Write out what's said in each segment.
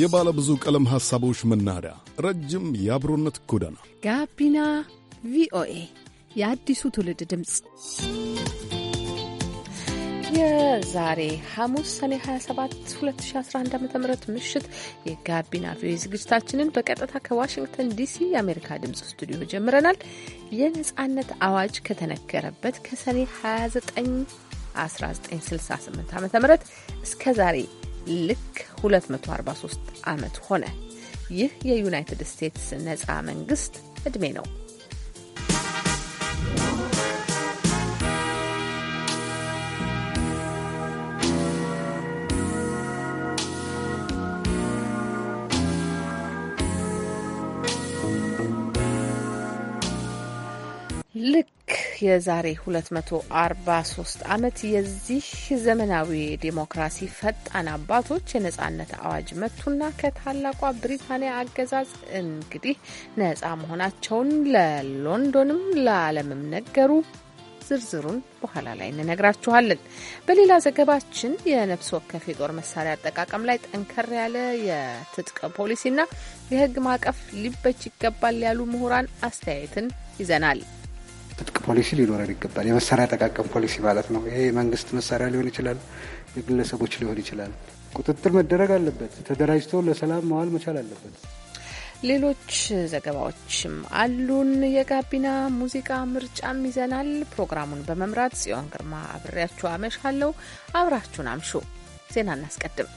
የባለ ብዙ ቀለም ሐሳቦች መናኸሪያ፣ ረጅም የአብሮነት ጎዳና ጋቢና ቪኦኤ የአዲሱ ትውልድ ድምፅ የዛሬ ሐሙስ ሰኔ 27 2011 ዓ ም ምሽት የጋቢና ቪኦኤ ዝግጅታችንን በቀጥታ ከዋሽንግተን ዲሲ የአሜሪካ ድምፅ ስቱዲዮ ጀምረናል። የነፃነት አዋጅ ከተነገረበት ከሰኔ 29 1968 ዓ ም እስከ ዛሬ ልክ 243 ዓመት ሆነ። ይህ የዩናይትድ ስቴትስ ነፃ መንግስት ዕድሜ ነው። ልክ የዛሬ 243 ዓመት የዚህ ዘመናዊ ዴሞክራሲ ፈጣን አባቶች የነጻነት አዋጅ መቱና ከታላቋ ብሪታንያ አገዛዝ እንግዲህ ነጻ መሆናቸውን ለሎንዶንም ለዓለምም ነገሩ። ዝርዝሩን በኋላ ላይ እንነግራችኋለን። በሌላ ዘገባችን የነፍስ ወከፍ የጦር መሳሪያ አጠቃቀም ላይ ጠንከር ያለ የትጥቅ ፖሊሲና የሕግ ማዕቀፍ ሊበች ይገባል ያሉ ምሁራን አስተያየትን ይዘናል። ትጥቅ ፖሊሲ ሊኖረን ይገባል። የመሳሪያ አጠቃቀም ፖሊሲ ማለት ነው። ይሄ የመንግስት መሳሪያ ሊሆን ይችላል፣ የግለሰቦች ሊሆን ይችላል። ቁጥጥር መደረግ አለበት። ተደራጅቶ ለሰላም መዋል መቻል አለበት። ሌሎች ዘገባዎችም አሉን። የጋቢና ሙዚቃ ምርጫም ይዘናል። ፕሮግራሙን በመምራት ጽዮን ግርማ አብሬያችሁ አመሻለሁ። አብራችሁን አምሹ። ዜና እናስቀድም።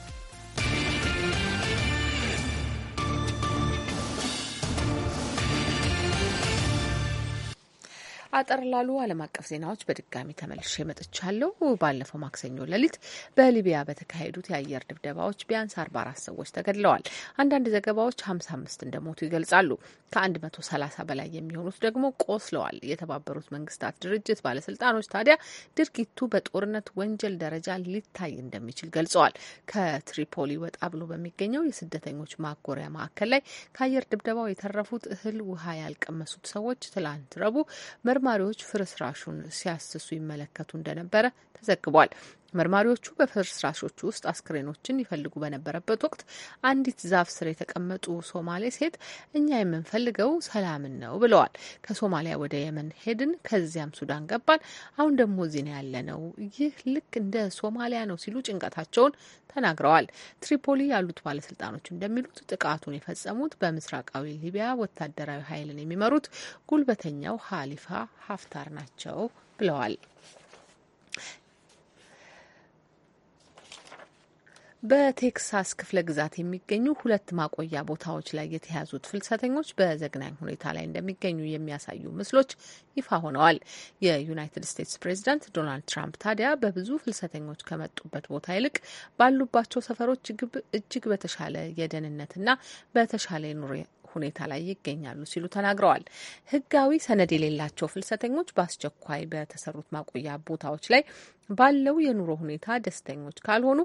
አጠር ላሉ ዓለም አቀፍ ዜናዎች በድጋሚ ተመልሼ መጥቻለሁ። ባለፈው ማክሰኞ ሌሊት በሊቢያ በተካሄዱት የአየር ድብደባዎች ቢያንስ 44 ሰዎች ተገድለዋል። አንዳንድ ዘገባዎች 55 እንደሞቱ ይገልጻሉ። ከ130 በላይ የሚሆኑት ደግሞ ቆስለዋል። የተባበሩት መንግስታት ድርጅት ባለስልጣኖች ታዲያ ድርጊቱ በጦርነት ወንጀል ደረጃ ሊታይ እንደሚችል ገልጸዋል። ከትሪፖሊ ወጣ ብሎ በሚገኘው የስደተኞች ማጎሪያ ማዕከል ላይ ከአየር ድብደባው የተረፉት እህል ውሃ ያልቀመሱት ሰዎች ትላንት ረቡዕ ተማሪዎች ፍርስራሹን ሲያስሱ ይመለከቱ እንደነበረ ተዘግቧል። መርማሪዎቹ በፍርስራሾቹ ውስጥ አስክሬኖችን ይፈልጉ በነበረበት ወቅት አንዲት ዛፍ ስር የተቀመጡ ሶማሌ ሴት እኛ የምንፈልገው ሰላምን ነው ብለዋል። ከሶማሊያ ወደ የመን ሄድን፣ ከዚያም ሱዳን ገባን፣ አሁን ደግሞ እዚህ ነው ያለነው። ይህ ልክ እንደ ሶማሊያ ነው ሲሉ ጭንቀታቸውን ተናግረዋል። ትሪፖሊ ያሉት ባለስልጣኖች እንደሚሉት ጥቃቱን የፈጸሙት በምስራቃዊ ሊቢያ ወታደራዊ ኃይልን የሚመሩት ጉልበተኛው ሀሊፋ ሀፍታር ናቸው ብለዋል። በቴክሳስ ክፍለ ግዛት የሚገኙ ሁለት ማቆያ ቦታዎች ላይ የተያዙት ፍልሰተኞች በዘግናኝ ሁኔታ ላይ እንደሚገኙ የሚያሳዩ ምስሎች ይፋ ሆነዋል። የዩናይትድ ስቴትስ ፕሬዚዳንት ዶናልድ ትራምፕ ታዲያ በብዙ ፍልሰተኞች ከመጡበት ቦታ ይልቅ ባሉባቸው ሰፈሮች እጅግ በተሻለ የደህንነትና በተሻለ ኑሮ ሁኔታ ላይ ይገኛሉ ሲሉ ተናግረዋል። ህጋዊ ሰነድ የሌላቸው ፍልሰተኞች በአስቸኳይ በተሰሩት ማቆያ ቦታዎች ላይ ባለው የኑሮ ሁኔታ ደስተኞች ካልሆኑ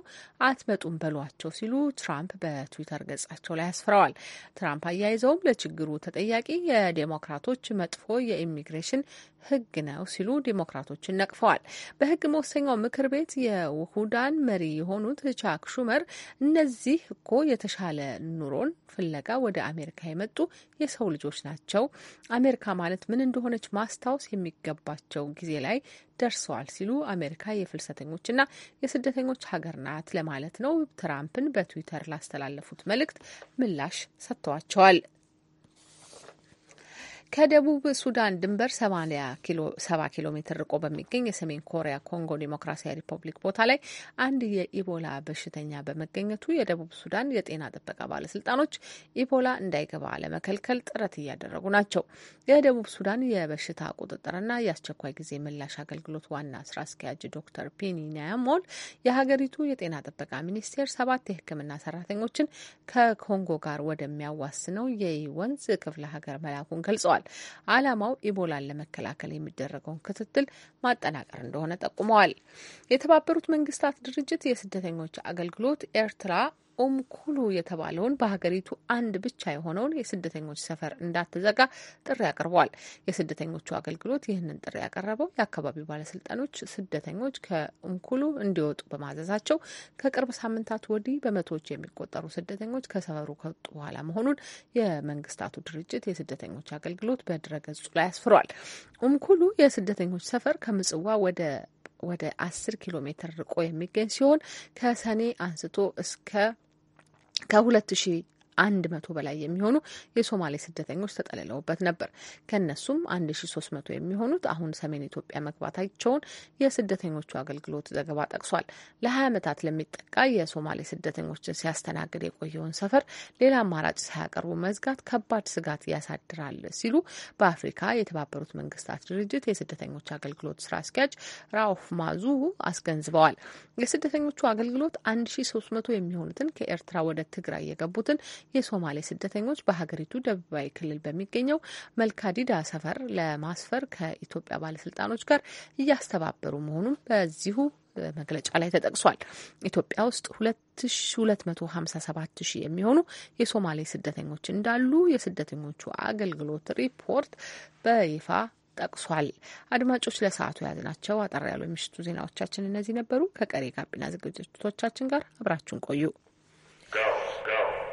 አትመጡም በሏቸው ሲሉ ትራምፕ በትዊተር ገጻቸው ላይ አስፍረዋል። ትራምፕ አያይዘውም ለችግሩ ተጠያቂ የዴሞክራቶች መጥፎ የኢሚግሬሽን ሕግ ነው ሲሉ ዴሞክራቶችን ነቅፈዋል። በሕግ መወሰኛው ምክር ቤት የውሁዳን መሪ የሆኑት ቻክ ሹመር እነዚህ እኮ የተሻለ ኑሮን ፍለጋ ወደ አሜሪካ የመጡ የሰው ልጆች ናቸው። አሜሪካ ማለት ምን እንደሆነች ማስታወስ የሚገባቸው ጊዜ ላይ ደርሰዋል ሲሉ አሜሪካ የፍልሰተኞችና የስደተኞች ሀገር ናት ለማለት ነው ትራምፕን በትዊተር ላስተላለፉት መልእክት ምላሽ ሰጥተዋቸዋል። ከደቡብ ሱዳን ድንበር 70 ኪሎ ሜትር ርቆ በሚገኝ የሰሜን ኮሪያ ኮንጎ ዲሞክራሲያዊ ሪፐብሊክ ቦታ ላይ አንድ የኢቦላ በሽተኛ በመገኘቱ የደቡብ ሱዳን የጤና ጥበቃ ባለስልጣኖች ኢቦላ እንዳይገባ ለመከልከል ጥረት እያደረጉ ናቸው። የደቡብ ሱዳን የበሽታ ቁጥጥርና የአስቸኳይ ጊዜ ምላሽ አገልግሎት ዋና ስራ አስኪያጅ ዶክተር ፒኒ ናያሞል የሀገሪቱ የጤና ጥበቃ ሚኒስቴር ሰባት የሕክምና ሰራተኞችን ከኮንጎ ጋር ወደሚያዋስነው የወንዝ ክፍለ ሀገር መላኩን ገልጸዋል። ገልጸዋል። ዓላማው ኢቦላን ለመከላከል የሚደረገውን ክትትል ማጠናቀር እንደሆነ ጠቁመዋል። የተባበሩት መንግስታት ድርጅት የስደተኞች አገልግሎት ኤርትራ ኡምኩሉ የተባለውን በሀገሪቱ አንድ ብቻ የሆነውን የስደተኞች ሰፈር እንዳትዘጋ ጥሪ አቅርቧል። የስደተኞቹ አገልግሎት ይህንን ጥሪ ያቀረበው የአካባቢው ባለስልጣኖች ስደተኞች ከኡምኩሉ እንዲወጡ በማዘዛቸው ከቅርብ ሳምንታት ወዲህ በመቶዎች የሚቆጠሩ ስደተኞች ከሰፈሩ ከወጡ በኋላ መሆኑን የመንግስታቱ ድርጅት የስደተኞች አገልግሎት በድረገጹ ላይ አስፍሯል። ኡምኩሉ የስደተኞች ሰፈር ከምጽዋ ወደ ወደ አስር ኪሎ ሜትር ርቆ የሚገኝ ሲሆን ከሰኔ አንስቶ እስከ ከሁለት ሺ አንድ መቶ በላይ የሚሆኑ የሶማሌ ስደተኞች ተጠልለውበት ነበር። ከእነሱም አንድ ሺ ሶስት መቶ የሚሆኑት አሁን ሰሜን ኢትዮጵያ መግባታቸውን የስደተኞቹ አገልግሎት ዘገባ ጠቅሷል። ለሀያ ዓመታት ለሚጠቃ የሶማሌ ስደተኞችን ሲያስተናግድ የቆየውን ሰፈር ሌላ አማራጭ ሳያቀርቡ መዝጋት ከባድ ስጋት ያሳድራል ሲሉ በአፍሪካ የተባበሩት መንግስታት ድርጅት የስደተኞች አገልግሎት ስራ አስኪያጅ ራውፍ ማዙ አስገንዝበዋል። የስደተኞቹ አገልግሎት ሺ 3መቶ የሚሆኑትን ከኤርትራ ወደ ትግራይ የገቡትን የሶማሌ ስደተኞች በሀገሪቱ ደቡባዊ ክልል በሚገኘው መልካዲዳ ሰፈር ለማስፈር ከኢትዮጵያ ባለስልጣኖች ጋር እያስተባበሩ መሆኑን በዚሁ መግለጫ ላይ ተጠቅሷል። ኢትዮጵያ ውስጥ 2257 ሺህ የሚሆኑ የሶማሌ ስደተኞች እንዳሉ የስደተኞቹ አገልግሎት ሪፖርት በይፋ ጠቅሷል። አድማጮች ለሰዓቱ የያዝናቸው አጠር ያሉ የምሽቱ ዜናዎቻችን እነዚህ ነበሩ። ከቀሪ ጋቢና ዝግጅቶቻችን ጋር አብራችሁን ቆዩ።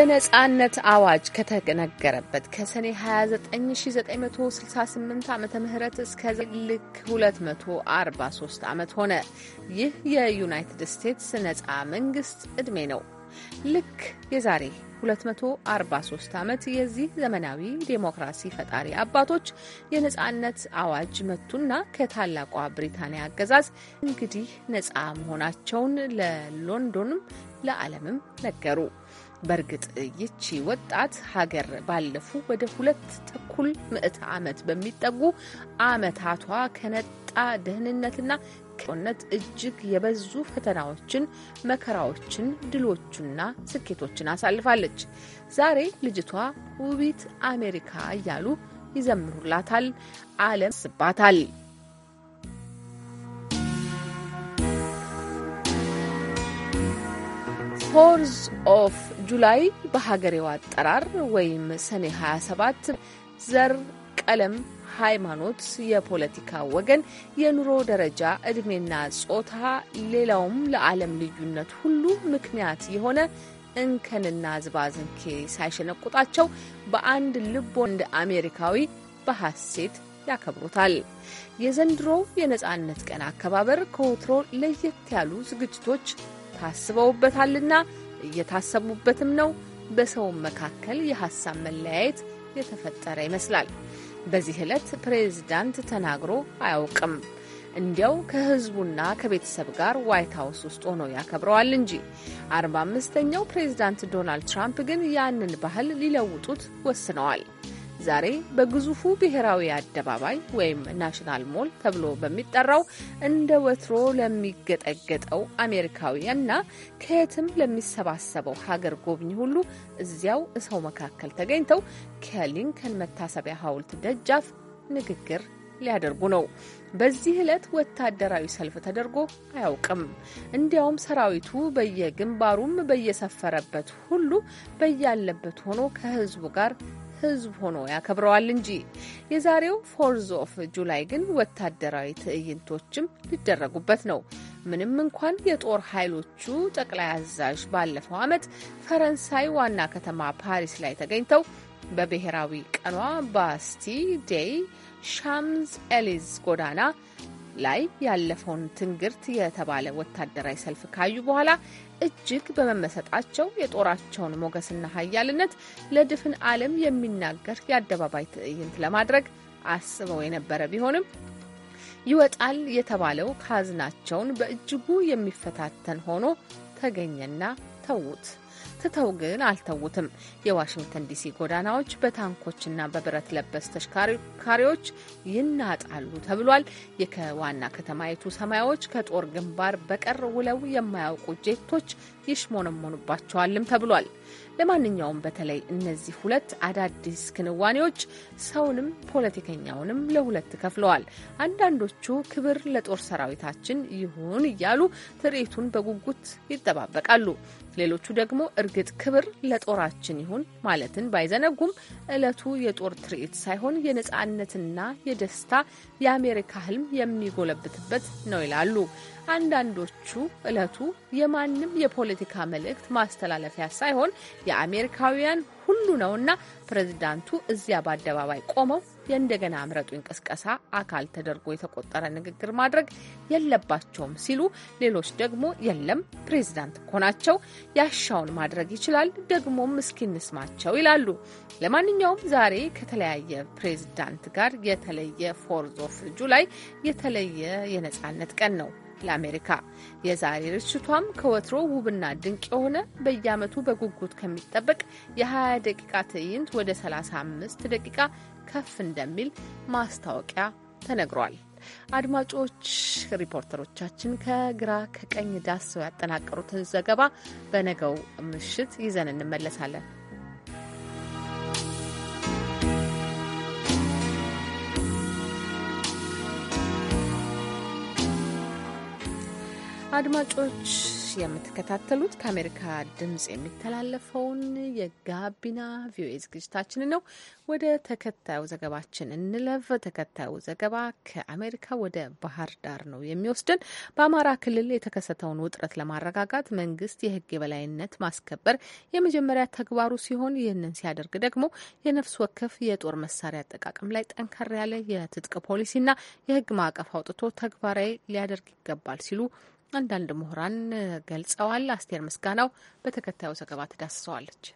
የነጻነት አዋጅ ከተነገረበት ከሰኔ 29968 ዓ ም እስከ ልክ 243 ዓመት ሆነ። ይህ የዩናይትድ ስቴትስ ነጻ መንግስት ዕድሜ ነው። ልክ የዛሬ 243 ዓመት የዚህ ዘመናዊ ዴሞክራሲ ፈጣሪ አባቶች የነጻነት አዋጅ መቱና ከታላቋ ብሪታንያ አገዛዝ እንግዲህ ነጻ መሆናቸውን ለሎንዶንም ለዓለምም ነገሩ። በእርግጥ ይቺ ወጣት ሀገር ባለፉ ወደ ሁለት ተኩል ምዕተ ዓመት በሚጠጉ ዓመታቷ ከነጣ ደህንነትና ቆነት እጅግ የበዙ ፈተናዎችን፣ መከራዎችን፣ ድሎቹና ስኬቶችን አሳልፋለች። ዛሬ ልጅቷ ውቢት አሜሪካ እያሉ ይዘምሩላታል፣ ዓለም ስባታል። ፎርዝ ኦፍ ጁላይ በሀገሬው አጠራር ወይም ሰኔ 27 ዘር፣ ቀለም፣ ሃይማኖት፣ የፖለቲካ ወገን፣ የኑሮ ደረጃ፣ ዕድሜና ጾታ ሌላውም ለዓለም ልዩነት ሁሉ ምክንያት የሆነ እንከንና ዝባዝንኬ ሳይሸነቁጣቸው በአንድ ልቦ ወለድ አሜሪካዊ በሐሴት ያከብሩታል። የዘንድሮው የነፃነት ቀን አከባበር ከወትሮ ለየት ያሉ ዝግጅቶች ታስበውበታልና እየታሰቡበትም ነው። በሰውም መካከል የሀሳብ መለያየት የተፈጠረ ይመስላል። በዚህ ዕለት ፕሬዝዳንት ተናግሮ አያውቅም። እንዲያው ከህዝቡና ከቤተሰብ ጋር ዋይት ሀውስ ውስጥ ሆኖ ያከብረዋል እንጂ። አርባ አምስተኛው ፕሬዚዳንት ዶናልድ ትራምፕ ግን ያንን ባህል ሊለውጡት ወስነዋል። ዛሬ በግዙፉ ብሔራዊ አደባባይ ወይም ናሽናል ሞል ተብሎ በሚጠራው እንደ ወትሮ ለሚገጠገጠው አሜሪካዊና ከየትም ለሚሰባሰበው ሀገር ጎብኚ ሁሉ እዚያው እሰው መካከል ተገኝተው ከሊንከን መታሰቢያ ሐውልት ደጃፍ ንግግር ሊያደርጉ ነው። በዚህ ዕለት ወታደራዊ ሰልፍ ተደርጎ አያውቅም። እንዲያውም ሰራዊቱ በየግንባሩም በየሰፈረበት ሁሉ በያለበት ሆኖ ከህዝቡ ጋር ህዝብ ሆኖ ያከብረዋል እንጂ። የዛሬው ፎርዝ ኦፍ ጁላይ ግን ወታደራዊ ትዕይንቶችም ሊደረጉበት ነው። ምንም እንኳን የጦር ኃይሎቹ ጠቅላይ አዛዥ ባለፈው ዓመት ፈረንሳይ ዋና ከተማ ፓሪስ ላይ ተገኝተው በብሔራዊ ቀኗ ባስቲ ዴይ ሻምዝ ኤሊዝ ጎዳና ላይ ያለፈውን ትንግርት የተባለ ወታደራዊ ሰልፍ ካዩ በኋላ እጅግ በመመሰጣቸው የጦራቸውን ሞገስና ኃያልነት ለድፍን ዓለም የሚናገር የአደባባይ ትዕይንት ለማድረግ አስበው የነበረ ቢሆንም ይወጣል የተባለው ካዝናቸውን በእጅጉ የሚፈታተን ሆኖ ተገኘና ተዉት። ትተው ግን አልተዉትም። የዋሽንግተን ዲሲ ጎዳናዎች በታንኮችና በብረት ለበስ ተሽከርካሪዎች ይናጣሉ ተብሏል። የከዋና ከተማይቱ ሰማዮች ከጦር ግንባር በቀር ውለው የማያውቁ ጄቶች ይሽሞነሞኑባቸዋልም ተብሏል። ለማንኛውም በተለይ እነዚህ ሁለት አዳዲስ ክንዋኔዎች ሰውንም ፖለቲከኛውንም ለሁለት ከፍለዋል። አንዳንዶቹ ክብር ለጦር ሰራዊታችን ይሁን እያሉ ትርኢቱን በጉጉት ይጠባበቃሉ። ሌሎቹ ደግሞ እርግጥ ክብር ለጦራችን ይሁን ማለትን ባይዘነጉም ዕለቱ የጦር ትርኢት ሳይሆን የነጻ የነጻነትና የደስታ የአሜሪካ ህልም የሚጎለብትበት ነው ይላሉ። አንዳንዶቹ እለቱ የማንም የፖለቲካ መልእክት ማስተላለፊያ ሳይሆን የአሜሪካውያን ሁሉ ነውና ፕሬዚዳንቱ እዚያ በአደባባይ ቆመው የእንደገና ምረጡ እንቅስቀሳ አካል ተደርጎ የተቆጠረ ንግግር ማድረግ የለባቸውም ሲሉ፣ ሌሎች ደግሞ የለም ፕሬዚዳንት እኮ ናቸው ያሻውን ማድረግ ይችላል፣ ደግሞም እስኪንስማቸው ይላሉ። ለማንኛውም ዛሬ ከተለያየ ፕሬዚዳንት ጋር የተለየ ፎርዝ ኦፍ ጁላይ የተለየ የነጻነት ቀን ነው። ለአሜሪካ የዛሬ ርችቷም ከወትሮ ውብና ድንቅ የሆነ በየዓመቱ በጉጉት ከሚጠበቅ የ20 ደቂቃ ትዕይንት ወደ 35 ደቂቃ ከፍ እንደሚል ማስታወቂያ ተነግሯል። አድማጮች፣ ሪፖርተሮቻችን ከግራ ከቀኝ ዳሰው ያጠናቀሩትን ዘገባ በነገው ምሽት ይዘን እንመለሳለን። አድማጮች የምትከታተሉት ከአሜሪካ ድምፅ የሚተላለፈውን የጋቢና ቪኦኤ ዝግጅታችን ነው። ወደ ተከታዩ ዘገባችን እንለፍ። ተከታዩ ዘገባ ከአሜሪካ ወደ ባህር ዳር ነው የሚወስድን። በአማራ ክልል የተከሰተውን ውጥረት ለማረጋጋት መንግስት የህግ የበላይነት ማስከበር የመጀመሪያ ተግባሩ ሲሆን ይህንን ሲያደርግ ደግሞ የነፍስ ወከፍ የጦር መሳሪያ አጠቃቀም ላይ ጠንከር ያለ የትጥቅ ፖሊሲና የህግ ማዕቀፍ አውጥቶ ተግባራዊ ሊያደርግ ይገባል ሲሉ አንዳንድ ምሁራን ገልጸዋል። አስቴር ምስጋናው በተከታዩ ዘገባ ትዳስሰዋለች።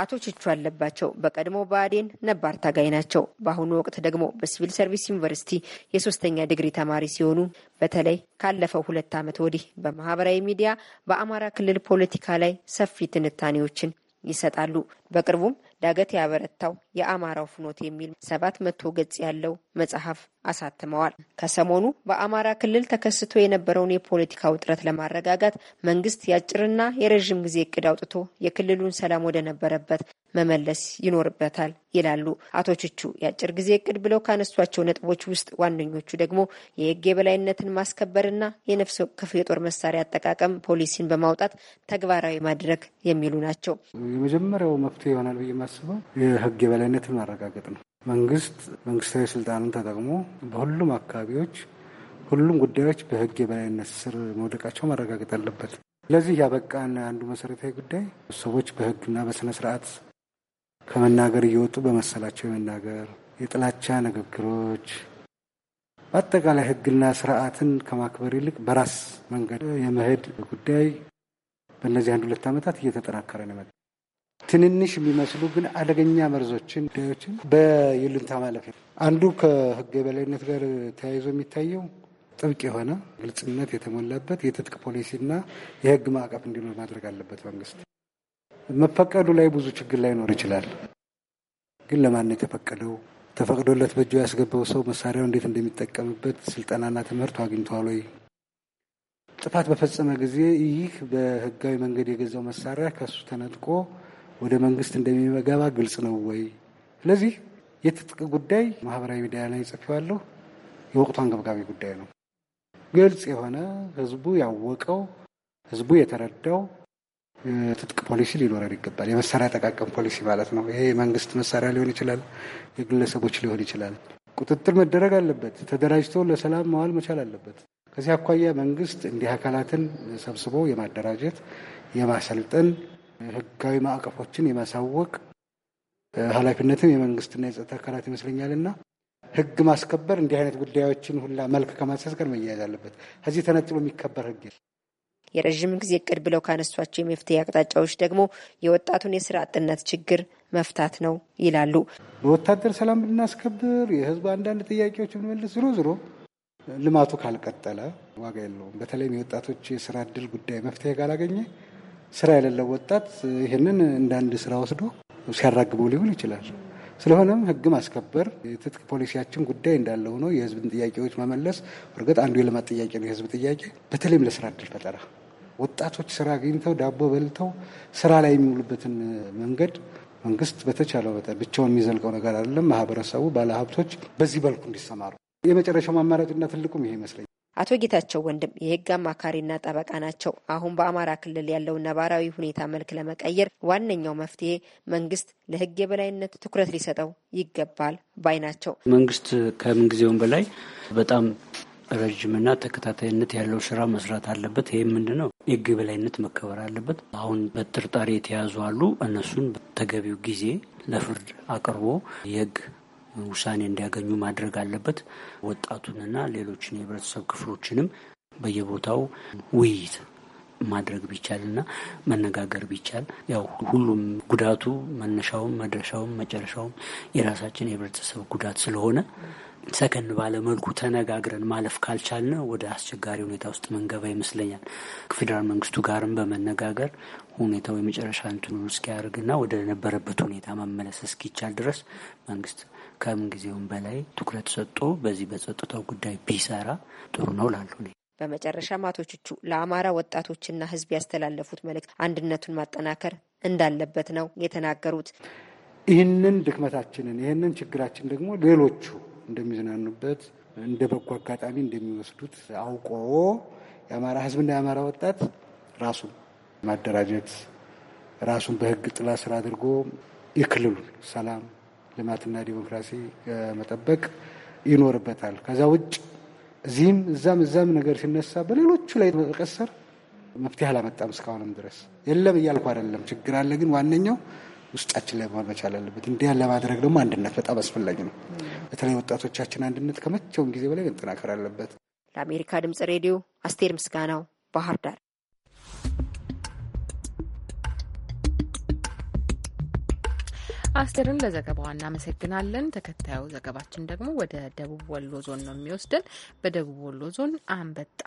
አቶ ችቹ አለባቸው በቀድሞ ብአዴን ነባር ታጋይ ናቸው። በአሁኑ ወቅት ደግሞ በሲቪል ሰርቪስ ዩኒቨርሲቲ የሶስተኛ ዲግሪ ተማሪ ሲሆኑ በተለይ ካለፈው ሁለት ዓመት ወዲህ በማህበራዊ ሚዲያ በአማራ ክልል ፖለቲካ ላይ ሰፊ ትንታኔዎችን ይሰጣሉ። በቅርቡም ዳገት ያበረታው የአማራው ፍኖት የሚል ሰባት መቶ ገጽ ያለው መጽሐፍ አሳትመዋል። ከሰሞኑ በአማራ ክልል ተከስቶ የነበረውን የፖለቲካ ውጥረት ለማረጋጋት መንግስት የአጭርና የረዥም ጊዜ እቅድ አውጥቶ የክልሉን ሰላም ወደነበረበት መመለስ ይኖርበታል ይላሉ አቶ ቹቹ። የአጭር ጊዜ እቅድ ብለው ካነሷቸው ነጥቦች ውስጥ ዋነኞቹ ደግሞ የህግ የበላይነትን ማስከበርና የነፍስ ወከፍ የጦር መሳሪያ አጠቃቀም ፖሊሲን በማውጣት ተግባራዊ ማድረግ የሚሉ ናቸው። የመጀመሪያው መፍትሄ ይሆናል ብዬ የማስበው የህግ የበላይነትን ማረጋገጥ ነው። መንግስት መንግስታዊ ስልጣንን ተጠቅሞ በሁሉም አካባቢዎች ሁሉም ጉዳዮች በህግ የበላይነት ስር መውደቃቸው ማረጋገጥ አለበት። ለዚህ ያበቃን አንዱ መሰረታዊ ጉዳይ ሰዎች በህግና በስነ ስርዓት ከመናገር እየወጡ በመሰላቸው የመናገር የጥላቻ ንግግሮች፣ በአጠቃላይ ህግና ስርዓትን ከማክበር ይልቅ በራስ መንገድ የመሄድ ጉዳይ በእነዚህ አንድ ሁለት ዓመታት እየተጠናከረ ነው ትንንሽ የሚመስሉ ግን አደገኛ መርዞችን ዳዮችን በይሉኝታ ማለፍ አንዱ ከህግ የበላይነት ጋር ተያይዞ የሚታየው ጥብቅ የሆነ ግልጽነት የተሞላበት የትጥቅ ፖሊሲና የህግ ማዕቀፍ እንዲኖር ማድረግ አለበት። መንግስት መፈቀዱ ላይ ብዙ ችግር ላይኖር ይችላል። ግን ለማን የተፈቀደው ተፈቅዶለት በእጁ ያስገባው ሰው መሳሪያው እንዴት እንደሚጠቀምበት ስልጠናና ትምህርቱ አግኝቷል ወይ? ጥፋት በፈጸመ ጊዜ ይህ በህጋዊ መንገድ የገዛው መሳሪያ ከሱ ተነጥቆ ወደ መንግስት እንደሚገባ ግልጽ ነው ወይ? ስለዚህ የትጥቅ ጉዳይ ማህበራዊ ሚዲያ ላይ ጽፌዋለሁ። የወቅቱ አንገብጋቢ ጉዳይ ነው። ግልጽ የሆነ ህዝቡ ያወቀው ህዝቡ የተረዳው የትጥቅ ፖሊሲ ሊኖረን ይገባል። የመሳሪያ አጠቃቀም ፖሊሲ ማለት ነው። ይሄ የመንግስት መሳሪያ ሊሆን ይችላል፣ የግለሰቦች ሊሆን ይችላል። ቁጥጥር መደረግ አለበት። ተደራጅቶ ለሰላም መዋል መቻል አለበት። ከዚህ አኳያ መንግስት እንዲህ አካላትን ሰብስቦ የማደራጀት የማሰልጠን ህጋዊ ማዕቀፎችን የማሳወቅ ኃላፊነትም የመንግስትና የጸጥታ አካላት ይመስለኛልና ህግ ማስከበር እንዲህ አይነት ጉዳዮችን ሁላ መልክ ከማስያዝ ጋር መያያዝ አለበት። ከዚህ ተነጥሎ የሚከበር ህግ የረዥም ጊዜ እቅድ ብለው ካነሷቸው የመፍትሄ አቅጣጫዎች ደግሞ የወጣቱን የስራ አጥነት ችግር መፍታት ነው ይላሉ። በወታደር ሰላም ብናስከብር፣ የህዝብ አንዳንድ ጥያቄዎች ብንመልስ፣ ዝሮ ዝሮ ልማቱ ካልቀጠለ ዋጋ የለውም። በተለይም የወጣቶች የስራ እድል ጉዳይ መፍትሄ ካላገኘ ስራ የሌለው ወጣት ይህንን እንደ አንድ ስራ ወስዶ ሲያራግበው ሊሆን ይችላል። ስለሆነም ህግ ማስከበር የትጥቅ ፖሊሲያችን ጉዳይ እንዳለ ሆኖ የህዝብን ጥያቄዎች መመለስ እርግጥ አንዱ የልማት ጥያቄ ነው። የህዝብ ጥያቄ በተለይም ለስራ እድል ፈጠራ ወጣቶች ስራ አግኝተው ዳቦ በልተው ስራ ላይ የሚውሉበትን መንገድ መንግስት በተቻለ መጠን ብቻውን የሚዘልቀው ነገር አይደለም። ማህበረሰቡ፣ ባለሀብቶች በዚህ በልኩ እንዲሰማሩ የመጨረሻው አማራጭና ትልቁም ይሄ ይመስለኛል። አቶ ጌታቸው ወንድም የህግ አማካሪና ጠበቃ ናቸው። አሁን በአማራ ክልል ያለውን ነባራዊ ሁኔታ መልክ ለመቀየር ዋነኛው መፍትሄ መንግስት ለህግ የበላይነት ትኩረት ሊሰጠው ይገባል ባይ ናቸው። መንግስት ከምንጊዜውም በላይ በጣም ረዥምና ተከታታይነት ያለው ስራ መስራት አለበት። ይህም ምንድን ነው? የህግ የበላይነት መከበር አለበት። አሁን በጥርጣሬ የተያዙ አሉ። እነሱን በተገቢው ጊዜ ለፍርድ አቅርቦ የህግ ውሳኔ እንዲያገኙ ማድረግ አለበት። ወጣቱንና ሌሎችን የህብረተሰብ ክፍሎችንም በየቦታው ውይይት ማድረግ ቢቻል መነጋገር ቢቻል ያው ሁሉም ጉዳቱ መነሻውም መድረሻውም መጨረሻውም የራሳችን የህብረተሰብ ጉዳት ስለሆነ ሰከን ባለ መልኩ ተነጋግረን ማለፍ ካልቻልን ወደ አስቸጋሪ ሁኔታ ውስጥ መንገባ ይመስለኛል። ከፌዴራል መንግስቱ ጋርም በመነጋገር ሁኔታው የመጨረሻ እንትኑን እስኪያደርግና ወደ ነበረበት ሁኔታ መመለስ እስኪቻል ድረስ መንግስት ከምን ጊዜውም በላይ ትኩረት ሰጥቶ በዚህ በጸጥታው ጉዳይ ቢሰራ ጥሩ ነው ላሉ በመጨረሻም አቶ ለአማራ ወጣቶችና ህዝብ ያስተላለፉት መልእክት አንድነቱን ማጠናከር እንዳለበት ነው የተናገሩት። ይህንን ድክመታችንን ይህንን ችግራችን ደግሞ ሌሎቹ እንደሚዝናኑበት እንደ በጎ አጋጣሚ እንደሚወስዱት አውቆ የአማራ ህዝብና የአማራ ወጣት ራሱን ማደራጀት ራሱን በህግ ጥላ ስር አድርጎ የክልሉን ሰላም ልማትና ዲሞክራሲ መጠበቅ ይኖርበታል። ከዛ ውጭ እዚህም እዛም እዛም ነገር ሲነሳ በሌሎቹ ላይ መቀሰር መፍትሄ አላመጣም። እስካሁንም ድረስ የለም እያልኩ አይደለም፣ ችግር አለ። ግን ዋነኛው ውስጣችን ላይ መሆን መቻል አለበት። እንዲያ ለማድረግ ደግሞ አንድነት በጣም አስፈላጊ ነው። በተለይ ወጣቶቻችን አንድነት ከመቼውም ጊዜ በላይ መጠናከር አለበት። ለአሜሪካ ድምጽ ሬዲዮ አስቴር ምስጋናው ባህር ዳር። አስቴርን ለዘገባዋ እናመሰግናለን። ተከታዩ ዘገባችን ደግሞ ወደ ደቡብ ወሎ ዞን ነው የሚወስደን። በደቡብ ወሎ ዞን አንበጣ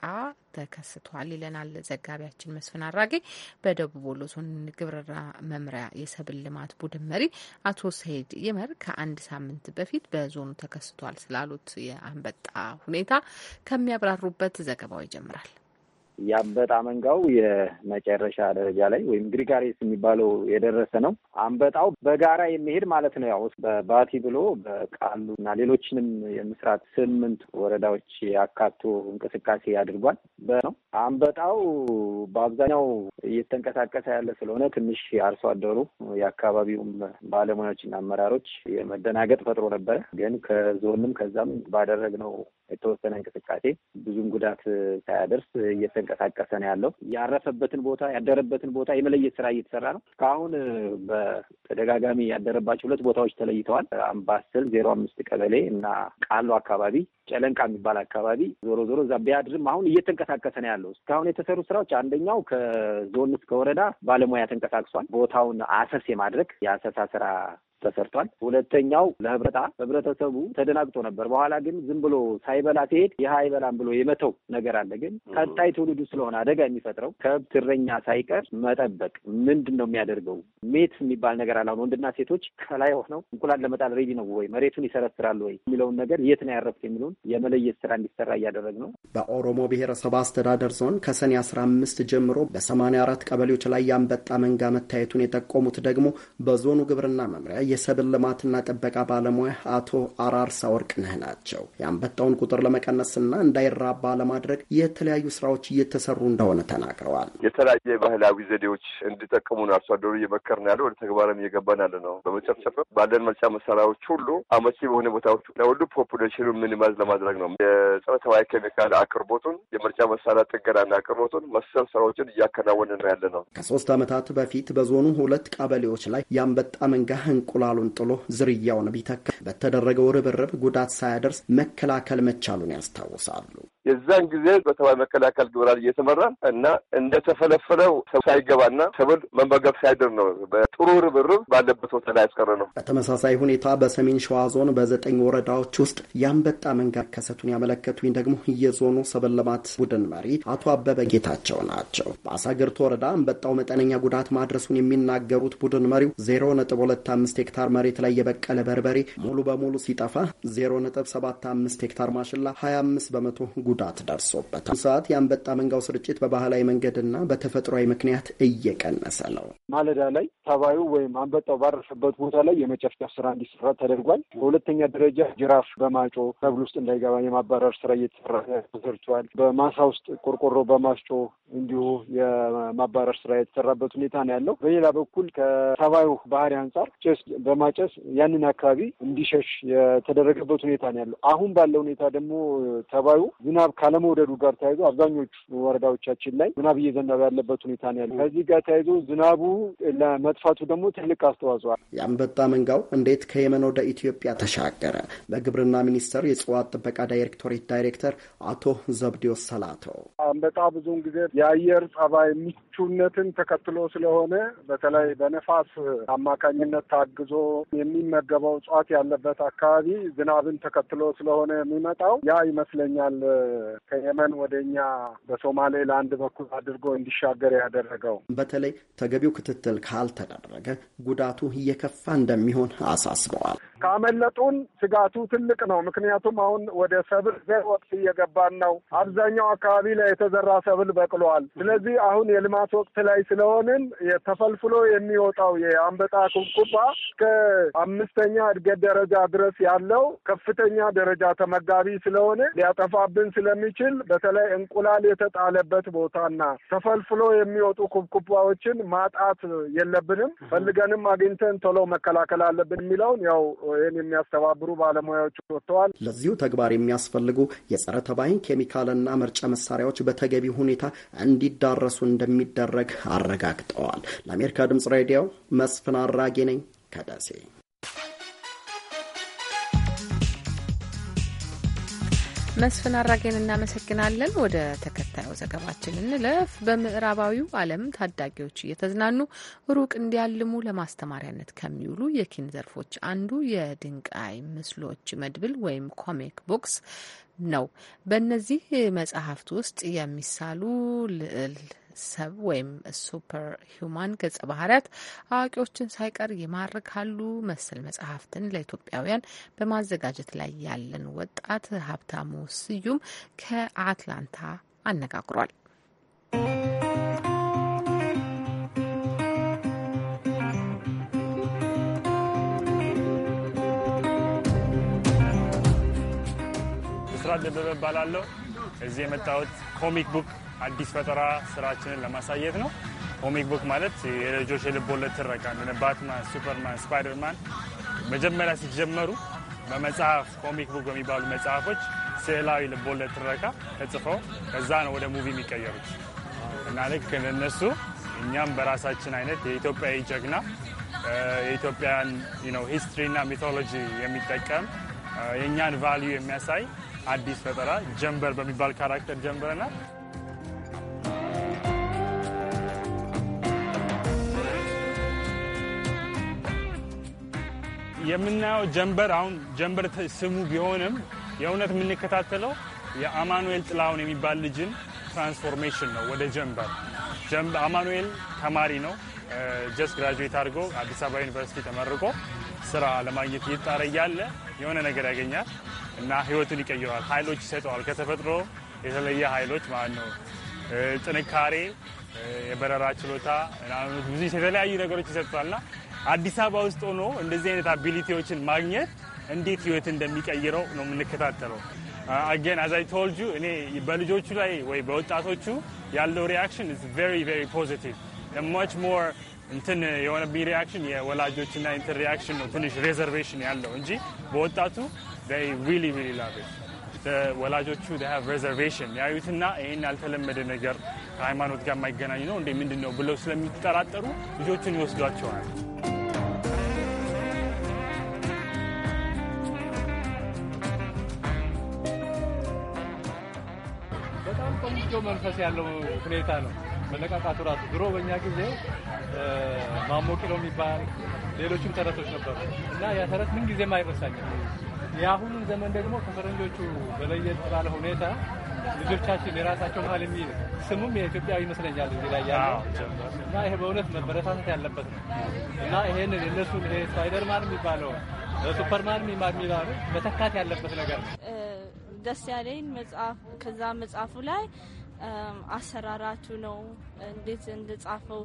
ተከስቷል ይለናል ዘጋቢያችን መስፍን አራጌ። በደቡብ ወሎ ዞን ግብርና መምሪያ የሰብል ልማት ቡድን መሪ አቶ ሰይድ ይመር ከአንድ ሳምንት በፊት በዞኑ ተከስቷል ስላሉት የአንበጣ ሁኔታ ከሚያብራሩበት ዘገባው ይጀምራል። የአንበጣ መንጋው የመጨረሻ ደረጃ ላይ ወይም ግሪጋሬስ የሚባለው የደረሰ ነው። አንበጣው በጋራ የሚሄድ ማለት ነው። ያው በባቲ ብሎ በቃሉ እና ሌሎችንም የምስራት ስምንት ወረዳዎች ያካቶ እንቅስቃሴ አድርጓል። በነው አንበጣው በአብዛኛው እየተንቀሳቀሰ ያለ ስለሆነ ትንሽ አርሶ አደሩ የአካባቢውም ባለሙያዎችና አመራሮች የመደናገጥ ፈጥሮ ነበረ። ግን ከዞንም ከዛም ባደረግነው የተወሰነ እንቅስቃሴ ብዙም ጉዳት ሳያደርስ እየተንቀሳቀሰ ነው ያለው። ያረፈበትን ቦታ ያደረበትን ቦታ የመለየት ስራ እየተሰራ ነው። እስካሁን በተደጋጋሚ ያደረባቸው ሁለት ቦታዎች ተለይተዋል። አምባሰል ዜሮ አምስት ቀበሌ እና ቃሉ አካባቢ ጨለንቃ የሚባል አካባቢ ዞሮ ዞሮ እዛ ቢያድርም አሁን እየተንቀሳቀሰ ነው ያለው። እስካሁን የተሰሩ ስራዎች አንደኛው ከዞን እስከ ወረዳ ባለሙያ ተንቀሳቅሷል። ቦታውን አሰስ የማድረግ የአሰሳ ስራ ተሰርቷል። ሁለተኛው ለህብረታ ህብረተሰቡ ተደናግጦ ነበር። በኋላ ግን ዝም ብሎ ሳይበላ ሲሄድ ይህ አይበላም ብሎ የመተው ነገር አለ። ግን ቀጣይ ትውልዱ ስለሆነ አደጋ የሚፈጥረው ከብት እረኛ ሳይቀር መጠበቅ ምንድን ነው የሚያደርገው? ሜት የሚባል ነገር አለ። አሁን ወንድና ሴቶች ከላይ ሆነው እንቁላል ለመጣል ሬዲ ነው ወይ መሬቱን ይሰረስራሉ ወይ የሚለውን ነገር የት ነው ያረፉት የሚለውን የመለየት ስራ እንዲሰራ እያደረግ ነው። በኦሮሞ ብሔረሰብ አስተዳደር ዞን ከሰኔ አስራ አምስት ጀምሮ በሰማንያ አራት ቀበሌዎች ላይ የአንበጣ መንጋ መታየቱን የጠቆሙት ደግሞ በዞኑ ግብርና መምሪያ የሰብል ልማትና ጥበቃ ባለሙያ አቶ አራርሳ ወርቅነህ ናቸው። የአንበጣውን ቁጥር ለመቀነስና እንዳይራባ ለማድረግ የተለያዩ ስራዎች እየተሰሩ እንደሆነ ተናግረዋል። የተለያየ ባህላዊ ዘዴዎች እንዲጠቀሙ ነው አርሶ አደሩ ነው ያለ ወደ ተግባርም እየገባን ያለ ነው። በመጨፍጨፍም ባለን መልጫ መሳሪያዎች ሁሉ አመቺ በሆነ ቦታዎች ለሁሉ ፖፑሌሽኑን ሚኒማይዝ ለማድረግ ነው። የጸረ ተባይ ኬሚካል አቅርቦቱን፣ የመርጫ መሳሪያ ጥገናና አቅርቦቱን መሰል ስራዎችን እያከናወን ነው ያለ ነው። ከሶስት አመታት በፊት በዞኑ ሁለት ቀበሌዎች ላይ የአንበጣ መንጋ እንቁ እንቁላሉን ጥሎ ዝርያውን ቢተካ በተደረገው ርብርብ ጉዳት ሳያደርስ መከላከል መቻሉን ያስታውሳሉ። የዛን ጊዜ በተባይ መከላከል ግብራን እየተመራ እና እንደተፈለፈለው ሰው ሳይገባና ሰብል መመገብ ሳይድር ነው በጥሩ ርብርብ ባለበት ቦታ ላይ ያስቀረ ነው። በተመሳሳይ ሁኔታ በሰሜን ሸዋ ዞን በዘጠኝ ወረዳዎች ውስጥ የአንበጣ መንጋ መከሰቱን ያመለከቱኝ ደግሞ የዞኑ ሰብል ልማት ቡድን መሪ አቶ አበበ ጌታቸው ናቸው። በአሳግርት ወረዳ አንበጣው መጠነኛ ጉዳት ማድረሱን የሚናገሩት ቡድን መሪው ዜሮ ነጥብ ሁለት አምስት ሄክታር መሬት ላይ የበቀለ በርበሬ ሙሉ በሙሉ ሲጠፋ ዜሮ ነጥብ ሰባት አምስት ሄክታር ማሽላ ሀያ አምስት በመቶ ጉ ጉዳት ደርሶበታል። ሰዓት የአንበጣ መንጋው ስርጭት በባህላዊ መንገድና በተፈጥሯዊ ምክንያት እየቀነሰ ነው። ማለዳ ላይ ተባዩ ወይም አንበጣው ባረፈበት ቦታ ላይ የመጨፍጨፍ ስራ እንዲሰራ ተደርጓል። በሁለተኛ ደረጃ ጅራፍ በማጮ ሰብል ውስጥ እንዳይገባ የማባረር ስራ እየተሰራ ተሰርቷል። በማሳ ውስጥ ቆርቆሮ በማስጮ እንዲሁ የማባረር ስራ የተሰራበት ሁኔታ ነው ያለው። በሌላ በኩል ከሰብአዊ ባህሪ አንጻር ጭስ በማጨስ ያንን አካባቢ እንዲሸሽ የተደረገበት ሁኔታ ነው ያለው። አሁን ባለው ሁኔታ ደግሞ ተባዩ ዝናብ ካለመውደዱ ጋር ተያይዞ አብዛኞቹ ወረዳዎቻችን ላይ ዝናብ እየዘነበ ያለበት ሁኔታ ነው ያለው። ከዚህ ጋር ተያይዞ ዝናቡ ለመጥፋቱ ደግሞ ትልቅ አስተዋጽኦ አለ። የአንበጣ መንጋው እንዴት ከየመን ወደ ኢትዮጵያ ተሻገረ? በግብርና ሚኒስቴር የእጽዋት ጥበቃ ዳይሬክቶሬት ዳይሬክተር አቶ ዘብዲዮስ ሰላተው አንበጣ ብዙውን ጊዜ የአየር ጸባይ ምቹነትን ተከትሎ ስለሆነ በተለይ በነፋስ አማካኝነት ታግዞ የሚመገበው እጽዋት ያለበት አካባቢ ዝናብን ተከትሎ ስለሆነ የሚመጣው ያ ይመስለኛል ከየመን ወደ እኛ በሶማሌ ለአንድ በኩል አድርጎ እንዲሻገር ያደረገው። በተለይ ተገቢው ክትትል ካልተደረገ ጉዳቱ እየከፋ እንደሚሆን አሳስበዋል። ካመለጡን ስጋቱ ትልቅ ነው። ምክንያቱም አሁን ወደ ሰብል ዘር ወቅት እየገባን ነው። አብዛኛው አካባቢ ላይ የተዘራ ሰብል በቅሏል። ስለዚህ አሁን የልማት የማጥፋት ወቅት ላይ ስለሆንን ተፈልፍሎ የሚወጣው የአንበጣ ኩብኩባ እስከ አምስተኛ እድገት ደረጃ ድረስ ያለው ከፍተኛ ደረጃ ተመጋቢ ስለሆነ ሊያጠፋብን ስለሚችል በተለይ እንቁላል የተጣለበት ቦታና ተፈልፍሎ የሚወጡ ኩብኩባዎችን ማጣት የለብንም። ፈልገንም አግኝተን ቶሎ መከላከል አለብን የሚለውን ያው ይህን የሚያስተባብሩ ባለሙያዎች ወጥተዋል። ለዚሁ ተግባር የሚያስፈልጉ የጸረ ተባይን ኬሚካልና መርጫ መሳሪያዎች በተገቢ ሁኔታ እንዲዳረሱ እንደሚደ እንደሚደረግ አረጋግጠዋል። ለአሜሪካ ድምጽ ሬዲዮ መስፍን አራጌ ነኝ ከደሴ። መስፍን አራጌን እናመሰግናለን። ወደ ተከታዩ ዘገባችን እንለፍ። በምዕራባዊው ዓለም ታዳጊዎች እየተዝናኑ ሩቅ እንዲያልሙ ለማስተማሪያነት ከሚውሉ የኪን ዘርፎች አንዱ የድንቃይ ምስሎች መድብል ወይም ኮሚክ ቦክስ ነው። በእነዚህ መጽሐፍት ውስጥ የሚሳሉ ልዕል ሰብ ወይም ሱፐር ሂውማን ገጸ ባህርያት አዋቂዎችን ሳይቀር ይማርካሉ መሰል መጽሐፍትን ለኢትዮጵያውያን በማዘጋጀት ላይ ያለን ወጣት ሀብታሙ ስዩም ከአትላንታ አነጋግሯል። ስራ ደበበ እባላለሁ። እዚህ የመጣሁት ኮሚክ ቡክ አዲስ ፈጠራ ስራችንን ለማሳየት ነው። ኮሚክ ቡክ ማለት የልጆች የልብ ወለድ ትረካ ባትማን፣ ሱፐርማን፣ ስፓይደርማን መጀመሪያ ሲጀመሩ በመጽሐፍ ኮሚክ ቡክ በሚባሉ መጽሐፎች ስዕላዊ ልብ ወለድ ትረካ ተጽፈው ከዛ ነው ወደ ሙቪ የሚቀየሩት እና ልክ እነሱ እኛም በራሳችን አይነት የኢትዮጵያዊ ጀግና የኢትዮጵያን ሂስትሪና ሚቶሎጂ የሚጠቀም የእኛን ቫሊዩ የሚያሳይ አዲስ ፈጠራ ጀንበር በሚባል ካራክተር ጀንበረናል። የምናየው ጀንበር አሁን ጀንበር ስሙ ቢሆንም የእውነት የምንከታተለው የአማኑኤል ጥላሁን የሚባል ልጅን ትራንስፎርሜሽን ነው ወደ ጀንበር። አማኑኤል ተማሪ ነው። ጀስት ግራጁዌት አድርጎ አዲስ አበባ ዩኒቨርሲቲ ተመርቆ ስራ ለማግኘት እየጣረ እያለ የሆነ ነገር ያገኛል እና ህይወቱን ይቀይረዋል። ኃይሎች ይሰጠዋል። ከተፈጥሮ የተለየ ኃይሎች ማለት ነው። ጥንካሬ፣ የበረራ ችሎታ፣ ብዙ የተለያዩ ነገሮች ይሰጡታልና አዲስ አበባ ውስጥ ሆኖ እንደዚህ አይነት አቢሊቲዎችን ማግኘት እንዴት ህይወት እንደሚቀይረው ነው የምንከታተለው። አገን አዛይ ቶልጁ እኔ በልጆቹ ላይ ወይ በወጣቶቹ ያለው ሪያክሽን ኢዝ ቨሪ ቬሪ ፖዚቲቭ ማች ሞር እንትን የሆነብኝ ሪያክሽን የወላጆችና እንትን ሪያክሽን ነው ትንሽ ሬዘርቬሽን ያለው እንጂ በወጣቱ ሪሊ ሪሊ ላቭ ወላጆቹ ሬዘርቬሽን ያዩትና ይህን ያልተለመደ ነገር ከሃይማኖት ጋር የማይገናኝ ነው እንዴ ምንድን ነው ብለው ስለሚጠራጠሩ ልጆቹን ይወስዷቸዋል። በጣም ቆንጆ መንፈስ ያለው ሁኔታ ነው። መነቃቃቱ ራሱ ድሮ በእኛ ጊዜ ማሞቂ ነው የሚባል ሌሎችም ተረቶች ነበሩ እና ያ ተረት ምንጊዜም አይረሳኝም። የአሁኑን ዘመን ደግሞ ከፈረንጆቹ በለየት ባለ ሁኔታ ልጆቻችን የራሳቸው ባህል የሚል ስሙም የኢትዮጵያዊ ይመስለኛል እዚህ ላይ ያለ እና ይሄ በእውነት መበረታታት ያለበት ነው እና ይሄንን እነሱን ይሄ ስፓይደርማን የሚባለው ሱፐርማን የሚባሉ መተካት ያለበት ነገር ነው። ደስ ያለኝ መጽሐፍ ከዛ መጽሐፉ ላይ አሰራራቱ ነው እንዴት እንደጻፈው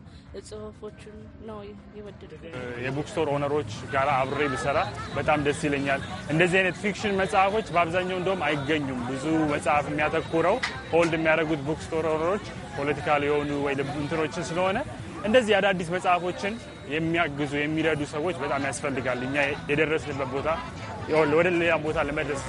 ጽሁፎቹን ነው የወደድኩት። የቡክስቶር ኦነሮች ጋር አብሬ ብሰራ በጣም ደስ ይለኛል። እንደዚህ አይነት ፊክሽን መጽሐፎች በአብዛኛው እንደውም አይገኙም። ብዙ መጽሐፍ የሚያተኩረው ሆልድ የሚያደርጉት ቡክስቶር ኦነሮች ፖለቲካል የሆኑ ወይ እንትኖችን ስለሆነ እንደዚህ አዳዲስ መጽሐፎችን የሚያግዙ የሚረዱ ሰዎች በጣም ያስፈልጋል። እኛ የደረስንበት ቦታ ወደ ሌላ ቦታ ለመድረስ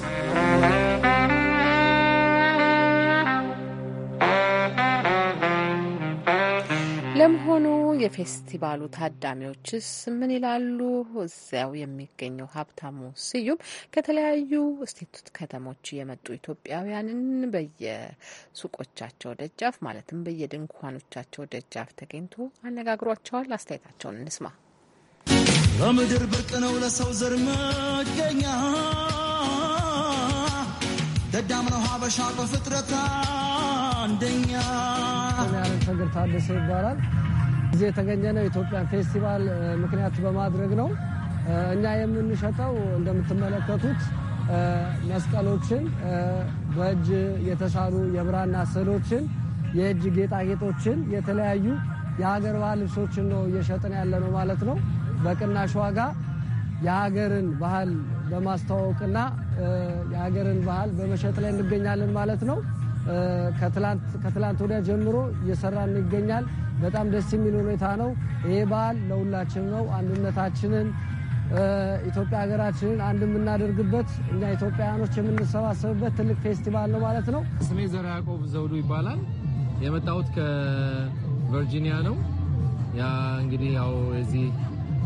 ለመሆኑ የፌስቲቫሉ ታዳሚዎችስ ምን ይላሉ? እዚያው የሚገኘው ሀብታሙ ስዩም ከተለያዩ ስቴቱት ከተሞች የመጡ ኢትዮጵያውያንን በየሱቆቻቸው ደጃፍ ማለትም በየድንኳኖቻቸው ደጃፍ ተገኝቶ አነጋግሯቸዋል። አስተያየታቸውን እንስማ። በምድር ብርቅ ነው ለሰው ዘር መገኛ ደዳም ነው ሀበሻ በፍጥረታ አንደኛ ያለፈገር ታደሰ ይባላል። እዚህ ነው የኢትዮጵያን ፌስቲቫል ምክንያት በማድረግ ነው። እኛ የምንሸጠው እንደምትመለከቱት መስቀሎችን፣ በእጅ የተሳሉ የብራና ስዕሎችን፣ የእጅ ጌጣጌጦችን፣ የተለያዩ የሀገር ባህል ልብሶችን ነው እየሸጥን ያለ ነው ማለት ነው። በቅናሽ ዋጋ የሀገርን ባህል በማስተዋወቅና የሀገርን ባህል በመሸጥ ላይ እንገኛለን ማለት ነው። ከትላንት ወዲያ ጀምሮ እየሰራን ይገኛል። በጣም ደስ የሚል ሁኔታ ነው። ይሄ በዓል ለሁላችን ነው። አንድነታችንን ኢትዮጵያ ሀገራችንን አንድ የምናደርግበት እኛ ኢትዮጵያውያኖች የምንሰባሰብበት ትልቅ ፌስቲቫል ነው ማለት ነው። ስሜ ዘራ ያዕቆብ ዘውዱ ይባላል። የመጣሁት ከቨርጂኒያ ነው። ያ እንግዲህ ያው የዚህ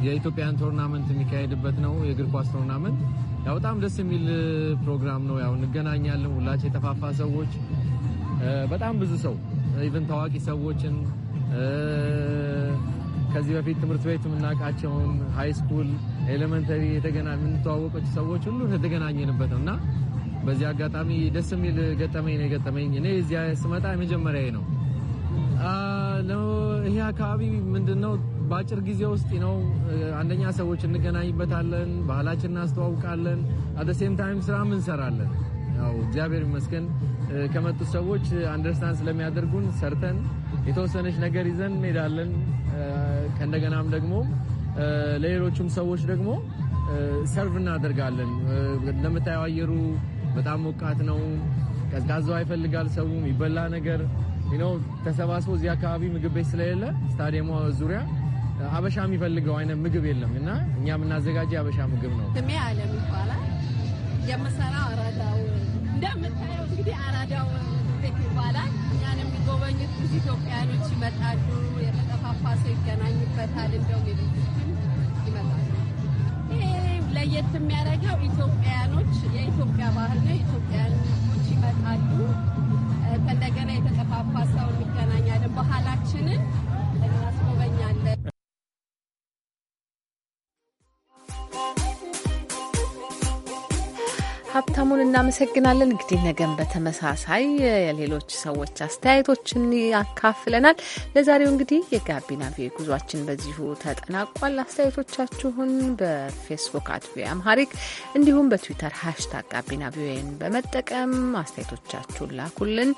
የኢትዮጵያን ቶርናመንት የሚካሄድበት ነው የእግር ኳስ ቶርናመንት ያው በጣም ደስ የሚል ፕሮግራም ነው። ያው እንገናኛለን ሁላችን የተፋፋ ሰዎች፣ በጣም ብዙ ሰው ኢቨን ታዋቂ ሰዎችን ከዚህ በፊት ትምህርት ቤት የምናውቃቸውን ሃይ ስኩል፣ ኤሌመንተሪ የምንተዋወቆች ሰዎች ሁሉ የተገናኘንበት ነው እና በዚህ አጋጣሚ ደስ የሚል ገጠመኝ ነው የገጠመኝ። እኔ እዚያ ስመጣ የመጀመሪያ ነው። ይሄ አካባቢ ምንድን ነው በአጭር ጊዜ ውስጥ ነው። አንደኛ ሰዎች እንገናኝበታለን፣ ባህላችን እናስተዋውቃለን፣ አደሴም ታይም ስራም እንሰራለን። ያው እግዚአብሔር ይመስገን ከመጡት ሰዎች አንደርስታንድ ስለሚያደርጉን ሰርተን የተወሰነች ነገር ይዘን እንሄዳለን። ከእንደገናም ደግሞ ለሌሎቹም ሰዎች ደግሞ ሰርቭ እናደርጋለን። እንደምታየው አየሩ በጣም ሞቃት ነው። ቀዝቃዛው ይፈልጋል ሰው ይበላ ነገር ተሰባስቦ እዚህ አካባቢ ምግብ ቤት ስለሌለ ስታዲየሙ ዙሪያ አበሻ የሚፈልገው አይነት ምግብ የለም እና እኛ የምናዘጋጀ የአበሻ ምግብ ነው። ስሜ አለም ይባላል። የምሰራው አራዳው እንደምታየው እንግዲህ አራዳው ቤት ይባላል። እኛን የሚጎበኙት ብዙ ኢትዮጵያኖች ይመጣሉ። የተጠፋፋ ሰው ይገናኙበታል። እንደውም ይመጣሉ። ለየት የሚያደርገው ኢትዮጵያኖች የኢትዮጵያ ባህል ነው። ኢትዮጵያኖች ይመጣሉ። ከእንደገና የተጠፋፋ ሰው እንገናኛለን። ባህላችንን እናስጎበኛለን። ሀብታሙን እናመሰግናለን። እንግዲህ ነገን በተመሳሳይ የሌሎች ሰዎች አስተያየቶችን ያካፍለናል። ለዛሬው እንግዲህ የጋቢና ቪ ጉዟችን በዚሁ ተጠናቋል። አስተያየቶቻችሁን በፌስቡክ አት ቪ አምሃሪክ እንዲሁም በትዊተር ሀሽታግ ጋቢና ቪን በመጠቀም አስተያየቶቻችሁን ላኩልን።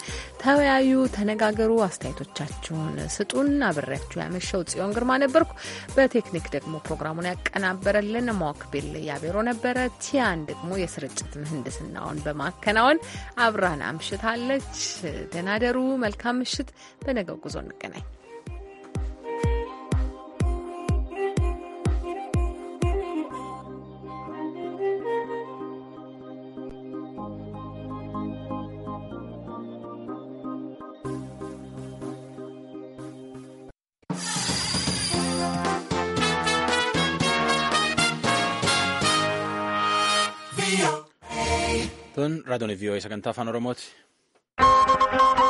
ተወያዩ፣ ተነጋገሩ፣ አስተያየቶቻችሁን ስጡን። አብሬያችሁ ያመሸው ጽዮን ግርማ ነበርኩ። በቴክኒክ ደግሞ ፕሮግራሙን ያቀናበረልን ሞክቢል ያቤሮ ነበረ። ቲያን ደግሞ የስርጭት ምህንድስናውን በማከናወን አብራን አምሽታለች። ደናደሩ መልካም ምሽት። በነገው ጉዞ እንገናኝ። Kun raadiyooni VOS sagantaa afaan Oromooti.